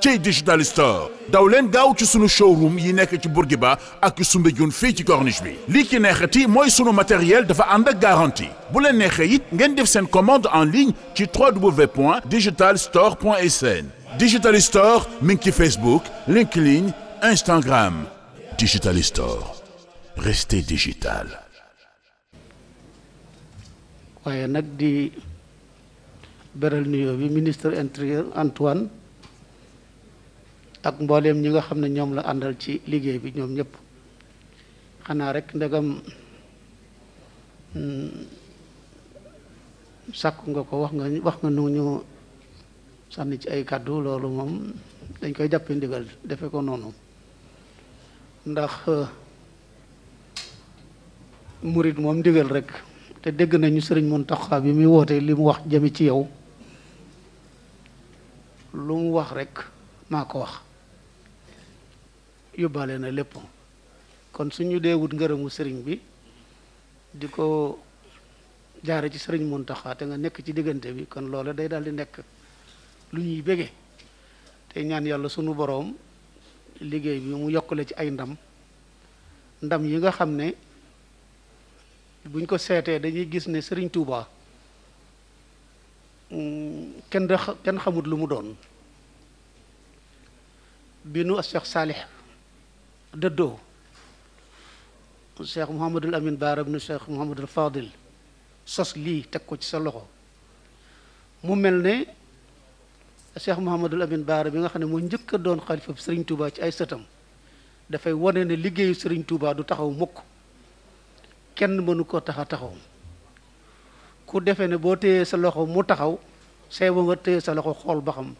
ci digital store daw leen gaaw ci sunu showroom yi nekk ci Bourguiba ak Soumbédioune fii ci corniche bi lii ci neexati mooy sunu matériel dafa ànd ak bu leen neexee it ngeen def seen commande en ligne ci www.digitalstore.sn digital store mi ngi ci Facebook LinkedIn Instagram digital store restez digital. waaye nag di beral nuyoo bi ministre intérieur Antoine. ak mbooleem ñi nga xam ne ñoom la àndal ci liggéey bi ñoom ñëpp xanaa rek ndegam mm, sàkku nga ko wax nga wax nga nu ñu sànni ci ay kàddu loolu moom dañ koy jàppe ndigal defe ko noonu ndax euh, murit moom ndigal rek te dégg nañu sëriñ Mountakha bi muy woote li mu wax jëme ci yow lu mu wax rek maa ko wax yóbbaale na lépp kon suñu dee wut ngërëmu sëriñ bi di ko jaare ci sëriñ Muntaxa te nga nekk ci diggante bi kon loole day daal di nekk lu ñuy bége te ñaan yàlla sunu boroom liggéey bi mu yokkule ci ay ndam ndam yi nga xam ne buñ ko seetee dañuy gis ne sëriñ tuuba mm, kenn xamut lu mu doon bi nu Cheikh Saalix dëddoo cheikh mouhamadul amin baara ibnu cheikh mouhamadul fadil sos lii teg ko ci sa loxo mu mel ne cheikh mouhamadul amin baara bi nga xam ne moo njëkk a doon xalifa sëriñ Touba ci ay sëtam dafay wane ne liggéeyu sëriñ tuubaa du taxaw mukk kenn mënu ko taxa taxaw ku defe ne boo téyee sa loxo mu taxaw seebo nga téye sa loxo xool ba xam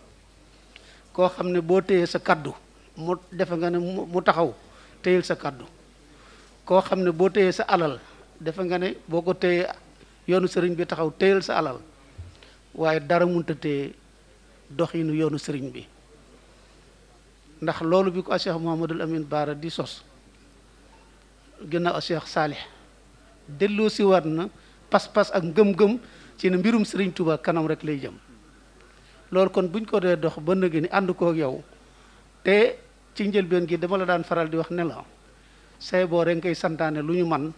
koo xam ne boo téyee sa kàddu mu defe nga ne mu taxaw téyel sa kàddu koo xam ne boo téyee sa alal defe nga ne boo ko téyee yoonu sëriñ bi taxaw téyel sa alal waaye dara munta téye doxinu yoonu sëriñ bi ndax loolu bi ko a Cheikh Mouhamadul Amin Baara di sos ginnaaw a Cheikh Saalih delloo si waat na pas-pas ak ngëm-ngëm ci ne mbirum sëriñ Touba kanam rek lay jëm loolu kon buñ ko dee dox ba nëgë ni ànd kook yow te ci njëlbeen gi dama la daan faral di wax ne la say boo rek ngay santaane lu ñu man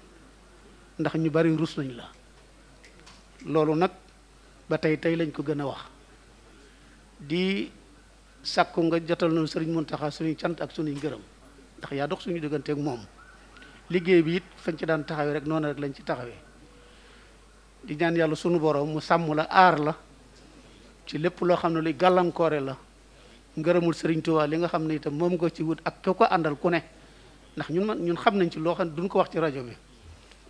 ndax ñu bari rus nañ la loolu nag ba tey tey lañ ko gën a wax di sàkku nga jotal na sëriñ Muntaxa suñuy cant ak suñuy ngërëm ndax yaa dox suñu digganteeg moom liggéey bi it fañ ci daan taxawee rek noonu rek lañ ci taxawee di ñaan yàlla suñu borom mu sàmm la aar la ci lépp loo xam ne luy gàllankoore la ngërëmul Serigne Touba li nga xam ne itam moom nga ci wut ak ko ko àndal ku ne ndax ñun man ñun xam nañ ci loo xam ne duñ ko wax ci rajo bi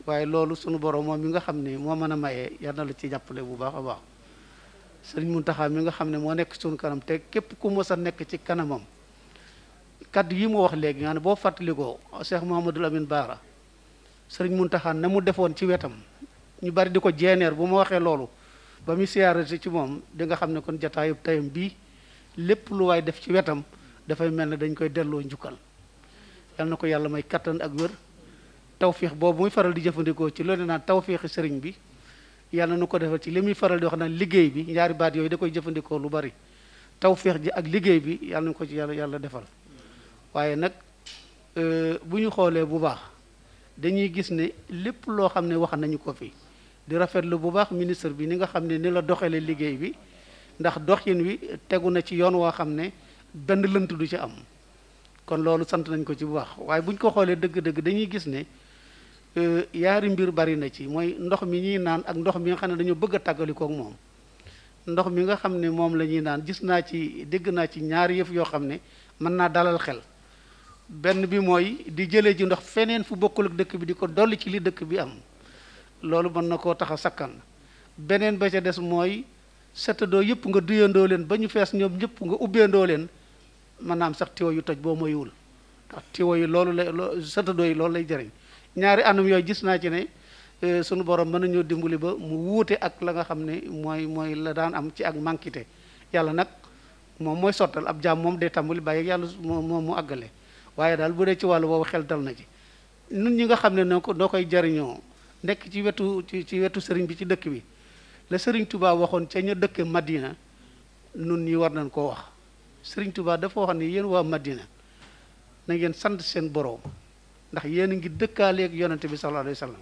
waaye loolu sunu borom moom mi nga xam ne moo mën a mayee yal na la ci jàppale bu baax a baax Serigne Mountakha mi nga xam ne moo nekk sunu kanam te képp ku mos a nekk ci kanamam kaddu yi mu wax léegi nga ne boo fàttalikoo Cheikh Mouhamadul Amin Baara Serigne Mountakha na mu defoon ci wetam ñu bari di ko jeeneer bu ma waxee loolu ba muy siyaarati ci moom di nga xam ne kon jataayu tayam bii. lépp lu waaye def ci wetam dafay mel ne dañ koy delloo njukkal yal na ko yàlla may kàttan ak wér tawfiix boobu muy faral di jëfandikoo ci loolu naan tawfiixi sëriñ bi yàlla na ko defal ci li muy faral di wax naan liggéey bi ñaari baat yooyu da koy jëfandikoo lu bari tawfiix ji ak liggéey bi yàlla na ko ci yàlla yàlla defal waaye nag euh, bu ñu xoolee bu baax dañuy gis ne lépp loo xam ne wax nañu ko fi di rafet rafetlu bu baax ministre bi ni nga xam ne ni la doxalee liggéey bi ndax doxin wi tegu na ci yoon woo xam ne benn lënt du ci am kon loolu sant nañ ko ci bu baax waaye bu ko xoolee dëgg-dëgg dañuy gis ne euh, yaari mbir bari na ci mooy ndox mi ñuy naan ak ndox mi nga xam ne dañoo bëgg a tàggalikoo moom ndox mi nga xam ne moom lañuy naan gis naa ci dégg naa ci ñaari yëf yoo xam ne mën naa dalal xel benn bi mooy di jëlee ji ndox feneen fu bokkul ak dëkk bi di ko doll ci li dëkk bi am loolu mën na koo tax a sakkan beneen ba mooy settandoo yëpp nga duyandoo leen ba ñu fees ñoom ñëpp nga ubbeendoo leen mën naa am sax tiwo yu toj boo moyuwul ndax tiwo yi loolu lay settandoo yi loolu lay jëriñ ñaari anam yooyu gis naa ci ne e, sunu borom mën nañoo dimbali ba mu wuute ak la nga xam ne mooy mooy la daan am ci ak manquité yàlla nag moom mooy sottal ab jaam moom day tàmbali bàyyi yàlla moom mu àggale waaye daal bu dee ci wàllu boobu xel dal na ci nun ñi nga xam ne noo ko noo koy jariñoo nekk ci wetu ci ci wetu sëriñ bi ci dëkk bi la sëriñ tubaa waxoon ca ñu dëkk madina nun ñi war nañ koo wax sëriñ tubaa dafa wax ni yéen waa madina na ngeen sant seen boroom ndax yéen a ngi dëkkaaleeg yonante bi sallallahu alayhi wa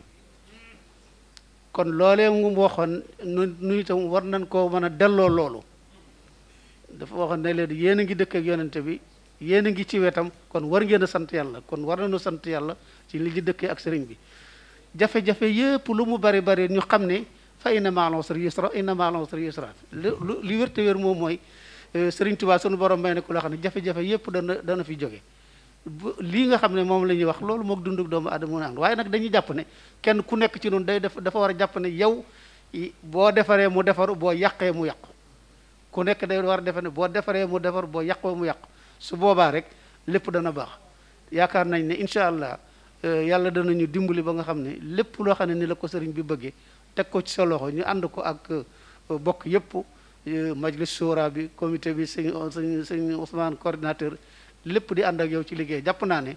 kon loolee mu waxoon nu nu itam war nañ koo mën a delloo loolu dafa waxoon ne leen yéen a ngi dëkk ak yonante bi yéen a ngi ci wetam kon war ngeen a sant yàlla kon war na nañu sant yàlla ci li ñu dëkkee ak sëriñ bi jafe-jafe yépp lu mu bari bari ñu xam ne fa inna ma'al usri yusra inna ma'al usri yusra li wér te wér moom mooy euh, Sëriñ Tuubaa sunu borom may na ku la xam ne jafe-jafe yépp dana dana fi jóge lii nga xam ne moom la ñuy wax loolu moog dundu doomu aadama na waaye nag dañuy jàpp ne kenn ku nekk ci noonu day def dafa war a jàpp ne yow boo defaree mu defaru boo yàqee mu yàqu ku nekk day war a defe ne boo defaree mu defaru boo yàqoo mu yàqu su boobaa rek lépp dana baax yaakaar nañ ne incha allah euh, yàlla danañu dimbali ba nga xam ne lépp loo xam ne ni la ko sëriñ bi bëggee teg ko ci sa loxo ñu ànd ko ak uh, bokk yëpp uh, majlis suura bi comité bi sëñ uh, sëñ sëñ Ousmane coordinateur lépp di ànd ak yow ci liggéey jàpp naa ne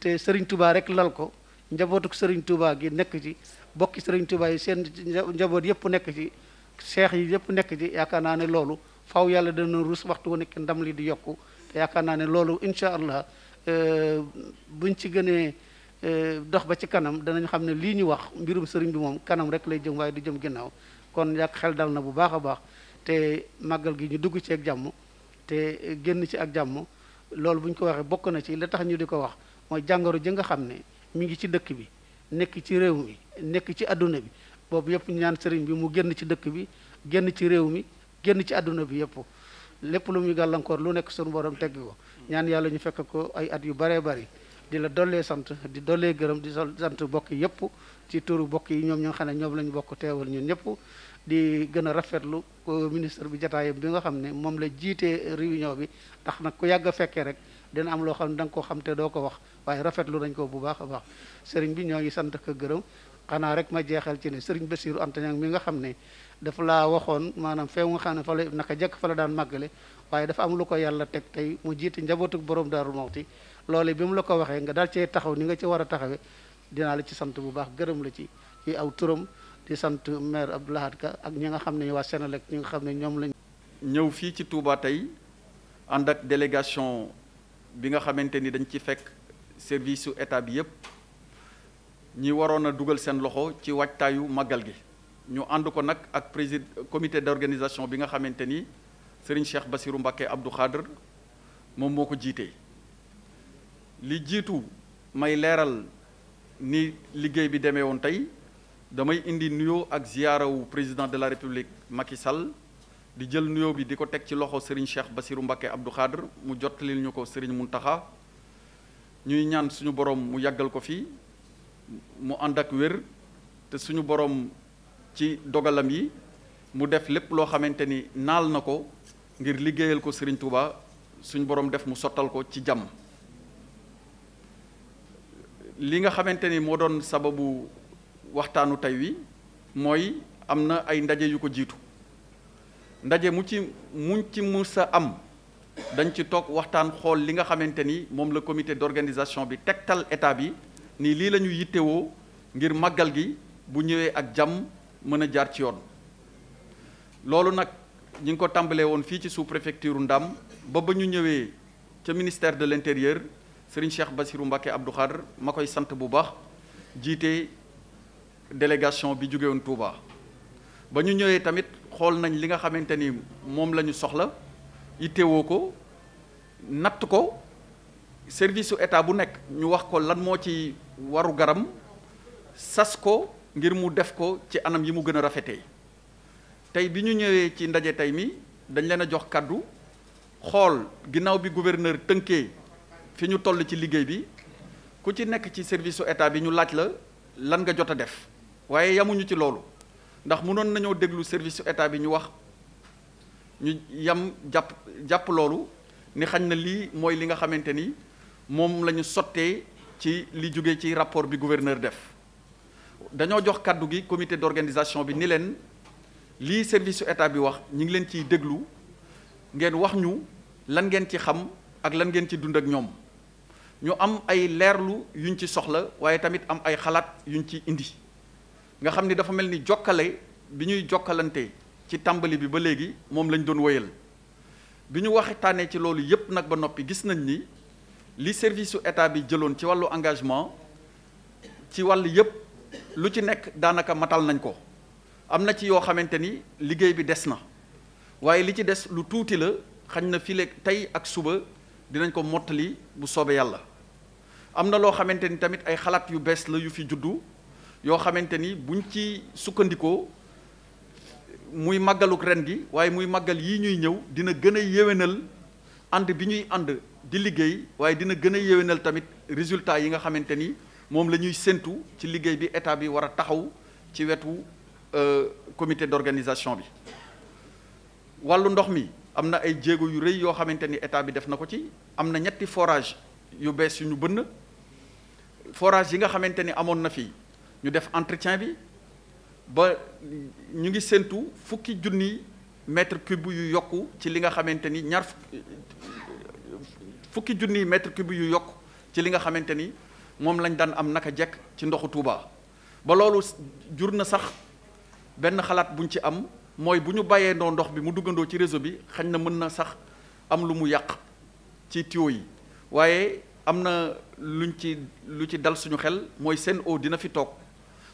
te Serigne Touba rek lal ko njabootuk Serigne Touba gi nekk ci bokki sëriñ Touba yi seen njaboot yëpp nekk ci seex yi yëpp nekk ci yaakaar naa ne loolu faw yàlla dana ruus waxtu wu nekk ndam li di yokku te yaakaar naa ne loolu incha allah buñ ci gënee. Eh, dox ba ci kanam danañ xam ne lii ñu wax mbirum sëriñ bi moom kanam rek lay jëm waaye du jëm ginnaaw kon yàq xel dal na bu baax a baax te màggal gi ñu dugg ci ak jàmm te génn ci ak jàmm loolu bu ñu ko waxee bokk na ci la tax ñu di ko wax mooy jàngoro ji nga xam ne mi ngi ci dëkk bi nekk ci réew mi nekk ci adduna bi boobu yëpp ñu ñaan sëriñ bi mu génn ci dëkk bi génn ci réew mi génn ci adduna bi yëpp lépp lu muy gàllankoor lu nekk sunu borom tegg ko ñaan yàlla ñu fekk ko ay at yu baree bari di la dollee sant di dollee gërëm di sant bokk yëpp ci turu bokk yi ñoom ñoo xam ne ñoom lañu bokk teewal ñun ñëpp di gën a rafetlu ministre bi jataayam bi nga xam ne moom la jiitee réunion bi tax nag ku yàgg a rek dina am loo xam ne danga nga ko xam te doo ko wax waaye rafetlu dañ ko bu baax a baax sëriñ bi ñoo ngi sant ko gërëm xanaa rek ma jeexal ci ne sëriñ Bassirou Anta Niang mi nga xam ne dafa laa waxoon maanaam feew nga xam ne fa la naka jekk fa la daan màggale waaye dafa am lu ko yàlla teg tey mu jiite njabootuk boroom Daaru Muxti loole bi mu la ko waxee nga daal cee taxaw ni nga ci war a taxawee dinaa la ci sant bu baax gërëm la ci fii aw turam di sant maire Abdou Lahad Ka ak ñi nga xam ne waa Senelec ñi nga xam ne ñoom lañ ñëw fii ci Touba tey ànd ak délégation bi nga xamante ni dañ ci fekk service su état bi yëpp ñi waroon a dugal seen loxo ci waajtaayu màggal gi ñu ànd ko nag ak président comité d'organisation bi nga xamante ni Serigne Cheikh Bassirou Mbacké Abdou Khadr moom moo ko jiitee li jiitu may leeral ni liggéey bi demee woon tey damay indi nuyoo ak ziyaarawu président de la république Macky Sall di jël nuyoo bi di ko teg ci loxo Serigne Cheikh Bassirou Mbacké Abdou Khadr mu jottalil ñu ko Serigne Mountakha ñuy ñaan suñu borom mu yàggal ko fii mu ànd ak wér te suñu borom ci dogalam yi mu def lépp loo xamante ni naal na ko ngir liggéeyal ko Serigne Touba suñu borom def mu sottal ko ci jàmm li nga xamante ni moo doon sababu waxtaanu tey wi mooy am na ay ndaje yu ko jiitu ndaje mu ci muñ ci musa am dañ ci toog waxtaan xool li nga xamante ni moom la comité d'organisation bi tegtal état bi nii lii la ñu yittewoo ngir màggal gi bu ñëwee ak jàmm mën a jaar ci yoon loolu nag ñu ngi ko tàmbalee woon fii ci sous préfecture Ndam ba ba ñu ñëwee ca ministère de l'intérieur Serigne Cheikh Bassirou Mbacké Abdou Khadr ma koy sant bu baax jiitee délégation bi jóge woon ba ñu ñëwee tamit xool nañ li nga xamante ni moom lañu soxla yittewoo ko natt ko service su état bu nekk ñu wax ko lan moo ci waru garam sas ko ngir mu def ko ci anam yi mu gën a rafetee tey bi ñu ñëwee ci ndaje tey mi dañ leen a jox kàddu xool ginnaaw bi gouverneur tënkee fi ñu toll ci liggéey bi ku ci nekk ci service su état bi ñu laaj la lan nga jot a def waaye yamuñu ci loolu ndax mënoon nañoo déglu service su état bi ñu wax ñu yam jàpp jàpp loolu ni xañ na lii mooy li nga xamante ni moom lañu sottee ci li jóge ci rapport bi gouverneur def dañoo jox kàddu gi commité d'organisation bi ni leen lii service su état bi wax ñi ngi leen ciy déglu ngeen wax ñu lan ngeen ci xam ak lan ngeen ci dund ak ñoom ñu am ay leerlu yuñ ci soxla waaye tamit am ay xalaat yuñ ci indi nga xam ni dafa mel ni jokkale bi ñuy jokkalante ci tàmbali bi ba léegi moom lañ doon wéyal bi ñu waxtaanee ci loolu yépp nag ba noppi gis nañ ni li service su état bi jëloon ci wàllu engagement ci wàll yëpp lu ci nekk daanaka matal nañ ko am na ci yoo xamante ni liggéey bi des na waaye li ci des lu tuuti la xañ na fii tey ak suba dinañ ko mottali bu soobee yàlla am na loo xamante ni tamit ay xalaat yu bees la yu fi juddu yoo xamante ni buñ ci sukkandikoo muy màggaluk ren gi waaye muy màggal yii ñuy ñëw dina gën a yéwénal ànd bi ñuy ànd di liggéey waaye dina gën a yéwénal tamit résultat yi nga xamante ni moom la ñuy séntu ci liggéey bi état bi war a taxaw ci wetu euh, comité d'organisation bi wàllu ndox mi am na ay jéego yu rëy yoo xamante ni état bi def na ko ci am na ñetti forage yu bees yu ñu bënn forage yi nga xamante ni amoon na fi ñu def entretien bi ba ñu ngi séntu fukki junni mètre cube yu yokku ci li nga xamante ni ñaar fukki junniy mètre cube yu yokku ci li nga xamante ni moom lañ daan am naka jekk ci ndoxu Touba ba loolu jur na sax benn xalaat buñ ci am mooy bu ñu bàyyee ndoo ndox bi mu duggandoo ci réseau bi xañ na mën na sax am lu mu yàq ci tuyaux yi waaye am na luñ ci lu ci dal suñu xel mooy seen Sen'Eau dina fi toog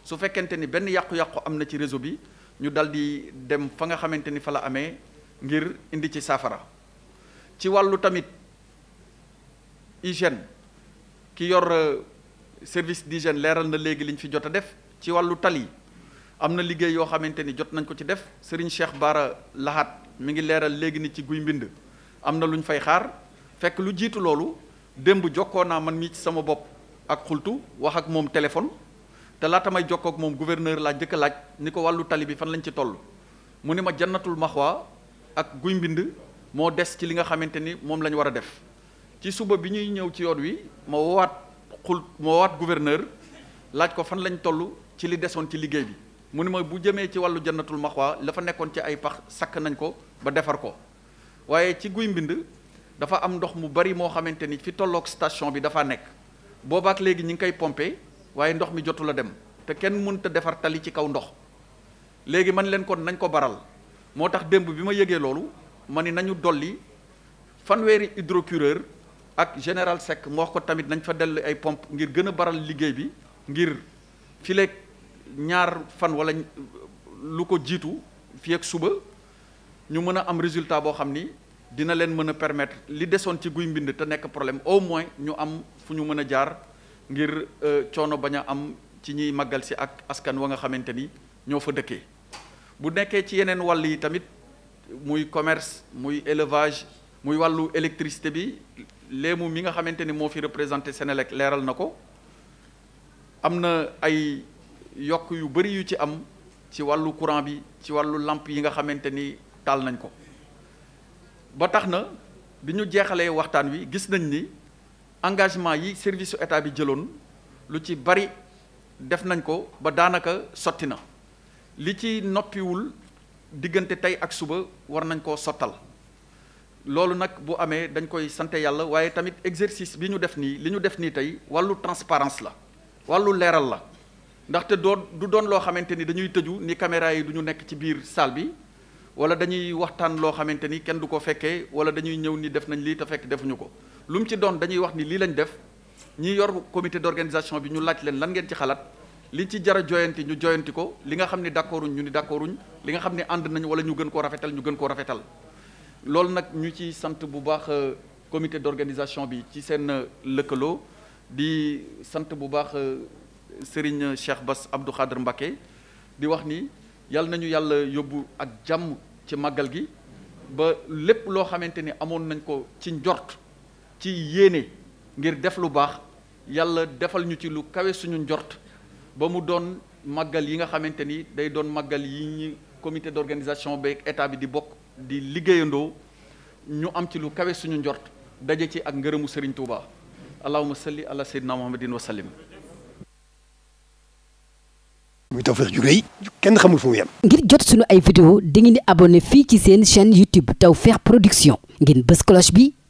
su fekkente ni benn yàqu-yàqu am na ci réseau bi ñu dal di dem fa nga xamante ni fa la amee ngir indi ci saafara ci wàllu tamit hygiène ki yor euh, service d'hygiène leeral na léegi liñ fi jot a def ci wàllu tali am na liggéey yoo xamante ni jot nañ ko ci def Serigne Cheikh Bara laxaat mu ngi leeral léegi ni ci guy mbind am na lu ñu fay xaar fekk lu jiitu loolu démb jokkoo naa man mii ci sama bopp ak xultu wax ak moom téléphone te laata may jokkoo moom gouverneur laa jëkk laaj ni ko wàllu bi fan lañ ci toll mu ni ma jannatul maxwa ak guy mbind moo des ci li nga xamante ni moom la war a def ci suba bi ñuy ñëw ci yoon wi ma xul ma woowaat laaj ko fan lañ toll ci li desoon ci liggéey bi mu ne ma bu jëmee ci wàllu jannatul maxwa la fa nekkoon ci ay pax sakk nañ ko ba defar ko waaye ci guy mbind dafa am ndox mu bari moo xamante ni fi tolloog station bi dafa nekk boobaak léegi ñi ngi koy pompe waaye ndox mi jotul a dem te kenn mënut a defar tali ci kaw ndox léegi man leen kon nañ ko baral moo tax démb bi ma yëgee loolu ma ni nañu dolli fanweeri hydrocureur ak général Seck moo ko tamit nañ fa dellu ay pompe ngir gën a baral liggéey bi ngir fileeg ñaar fan wala lu ko jiitu fi ak suba ñu mën a am résultat boo xam ni dina leen mën a permettre li desoon ci guy mbind te nekk problème au moins ñu am fu ñu mën a jaar ngir euh, coono bañ a am ci ñuy màggal si ak askan wa nga xamante ni ñoo fa dëkkee bu nekkee ci yeneen wàll yi tamit muy commerce muy élevage muy wàllu électricité bi léemu mi nga xamante ni moo fi représenté Sénélec leeral na ko am na ay yokk yu bëri yu ci am ci wàllu courant bi ci wàllu làmp yi nga xamante ni taal nañ ko ba tax na bi ñu jeexalee waxtaan wi gis nañ ni engagement yi service su état bi jëloon lu ci bari def nañ ko ba daanaka sotti na li ci noppiwul diggante tey ak suba war nañ koo sottal loolu nag bu amee dañ koy sante yàlla waaye tamit exercice bi ñu def nii li ñu def nii tey wàllu transparence la wàllu leeral la ndaxte doo du doon loo xamante ni dañuy tëju ni caméra yi du ñu nekk ci biir salle bi wala dañuy waxtaan loo xamante ni kenn du ko fekkee wala dañuy ñëw ni def nañ lii te fekk defuñu ko lu mu ci doon dañuy wax ni lii lañ def ñi yor comité d'organisation bi ñu laaj leen lan ngeen ci xalaat li ci jar a joyanti ñu joyanti ko li nga xam ni d'accorduñ ñu ni d'accorduñ li nga xam ne ànd nañ wala ñu gën ko rafetal ñu gën ko rafetal loolu nag ñu ci sant bu baax euh, comité d'organisation bi ci seen euh, lëkkaloo di sant bu baax euh, sëriñ Cheikh bas Abdou Khadr Mbacké di wax ni yàlla nañu yàlla yóbbu ak jàmm ci màggal gi ba lépp loo xamante ni amoon nañ ko ci njort ci yéene ngir def lu baax yàlla defal ñu ci lu kawe suñu njort ba mu doon màggal yi nga xamante ni day doon màggal yi ñi comité d'organisation ba état bi di bokk di liggéeyandoo ñu am ci lu kawe suñu njort daje ci ak ngërëmu sëriñ Touba allahumma salli ala sayyidina muhammadin wa sallim. muy tawfeex ju kenn xamul fu mu yem. ngir jot suñu ay vidéo dangeen di abonné fii ci seen chaîne YouTube Tawfekh Production ngeen bës cloche bi.